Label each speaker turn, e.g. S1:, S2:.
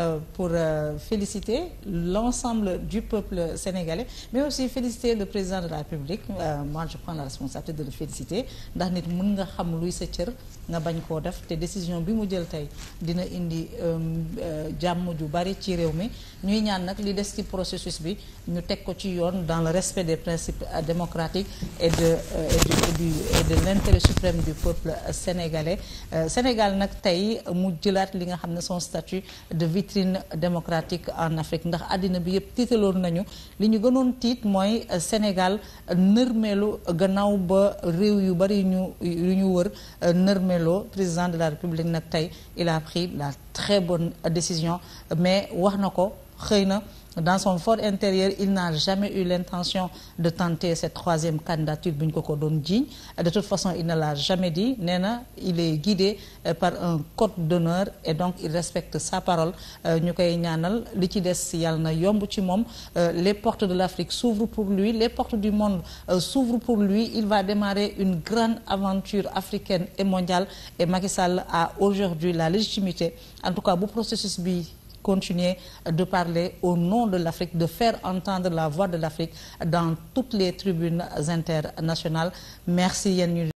S1: Euh, pour euh, féliciter l'ensemble du peuple sénégalais mais aussi féliciter le président de la République euh, moi je prends la responsabilité de le féliciter ndax nit mun nga xam luy sa cër nga bañ koo def te décision bi mu jël tey dina indi jàmm ju bari ci réew mi ñuy ñaan nag li des ci processus bi ñu teg ko ci yoon dans le respect des principes démocratiques et de et du et de l'intérêt suprême du peuple sénégalais Sénégal nag tey mu jëlaat li nga xam ne son statut de vitrine démocratique en Afrique ndax àddina bi yëpp tiitaloon nañu li ñu gënoon tiit mooy euh, Sénégal euh, nërmeelu gannaaw ba réew yu bari ñu yu ñu wër euh, nërmeeloo président de la République nag tey il a la très bonne décision mais wax na ko xëy na dans son fort intérieur il n'a jamais eu l'intention de tenter cette troisième candidature bu ñu ko ko doon jiiñ de toute façon il ne l'a jamais dit nee na il est guidé euh, par un code d'honneur et donc il respecte sa parole euh, ñu koy ñaanal li ci des yàlla na yomb ci moom euh, les portes de l'Afrique s'ouvrent pour lui les portes du monde s'ouvrent pour lui il va démarrer une grande aventure africaine et mondiale et Macky Sall a aujourd'hui la légitimité en tout cas bu processus bi continuer de parler au nom de l'Afrique, de faire entendre la voix de l'Afrique dans toutes les tribunes internationales. Merci Yann